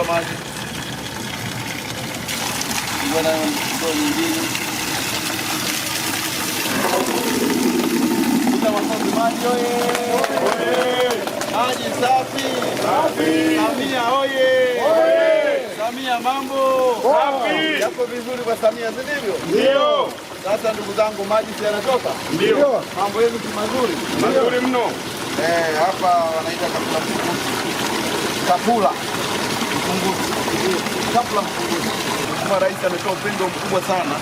kuchukua maji iwe na ndoo nyingine bila maji oye! Maji safi! Samia oye! Samia mambo yako vizuri kwa Samia, si ndivyo? Ndio. Sasa ndugu zangu, maji si yanatoka? Ndio. Mambo yenu si mazuri? Mazuri mno. Eh, hapa wanaita kafula, kafula Mkunduzi, kabla Mheshimiwa Rais ametoa upendo mkubwa sana.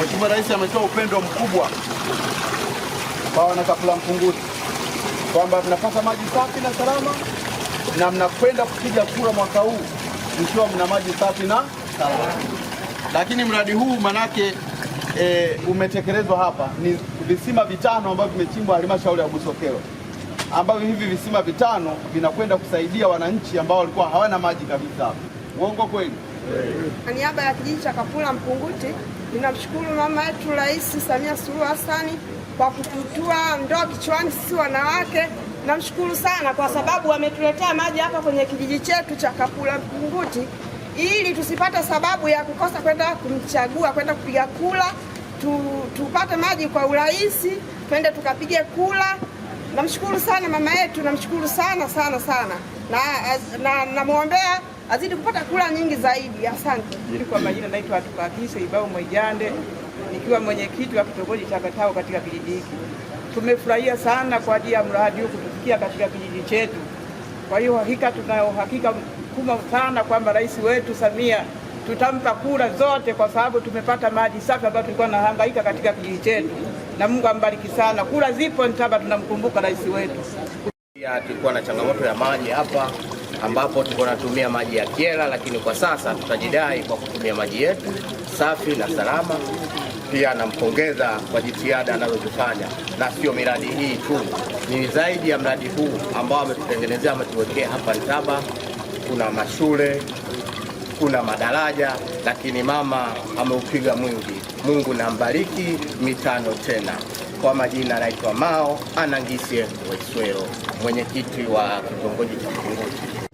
Mheshimiwa Rais ametoa upendo mkubwa kwa kafula Mkunduzi kwamba mnapata maji safi na salama na mnakwenda kupiga kura mwaka huu mkiwa mna maji safi na salama. Lakini mradi huu manake e, umetekelezwa hapa ni visima vitano ambavyo vimechimbwa halmashauri ya Busokelo ambavyo hivi visima vitano vinakwenda kusaidia wananchi ambao walikuwa hawana maji kabisa Uongo kweli? Kwa niaba ya kijiji cha Kapula Mpunguti, ninamshukuru mama yetu Rais Samia Suluhu Hassan kwa kututua ndoo kichwani sisi wanawake. Namshukuru sana kwa sababu ametuletea maji hapa kwenye kijiji chetu cha Kapula Mpunguti ili tusipate sababu ya kukosa kwenda kumchagua kwenda kupiga kula tu, tupate maji kwa urahisi, twende tukapige kula. Namshukuru sana mama yetu, namshukuru sana sana sana, na namwombea na azidi kupata kula nyingi zaidi. Asante. Kwa majina naitwa Tukakiso Ibao Mwaijande, nikiwa mwenyekiti wa kitongoji cha Katao katika kijiji hiki. Tumefurahia sana kwa ajili ya mradi huu kutufikia katika kijiji chetu. Kwa hiyo hakika tuna uhakika mkubwa sana kwamba rais wetu Samia tutampa kura zote, kwa sababu tumepata maji safi ambayo tulikuwa nahangaika katika kijiji chetu na Mungu ambariki sana. Kula zipo ntaba tunamkumbuka rais wetu. Tulikuwa na changamoto ya maji hapa ambapo tulikuwa tunatumia maji ya Kyela, lakini kwa sasa tutajidai kwa kutumia maji yetu safi na salama. Pia nampongeza kwa jitihada anazozifanya, na sio miradi hii tu, ni zaidi ya mradi huu ambao ametutengenezea, ametuwekea hapa ntaba Kuna mashule, kuna madaraja, lakini mama ameupiga mwingi Mungu na mbariki mitano tena. Kwa majina naitwa Mao Anangisie Weswero, mwenyekiti wa kitongoji cha Mkunguti.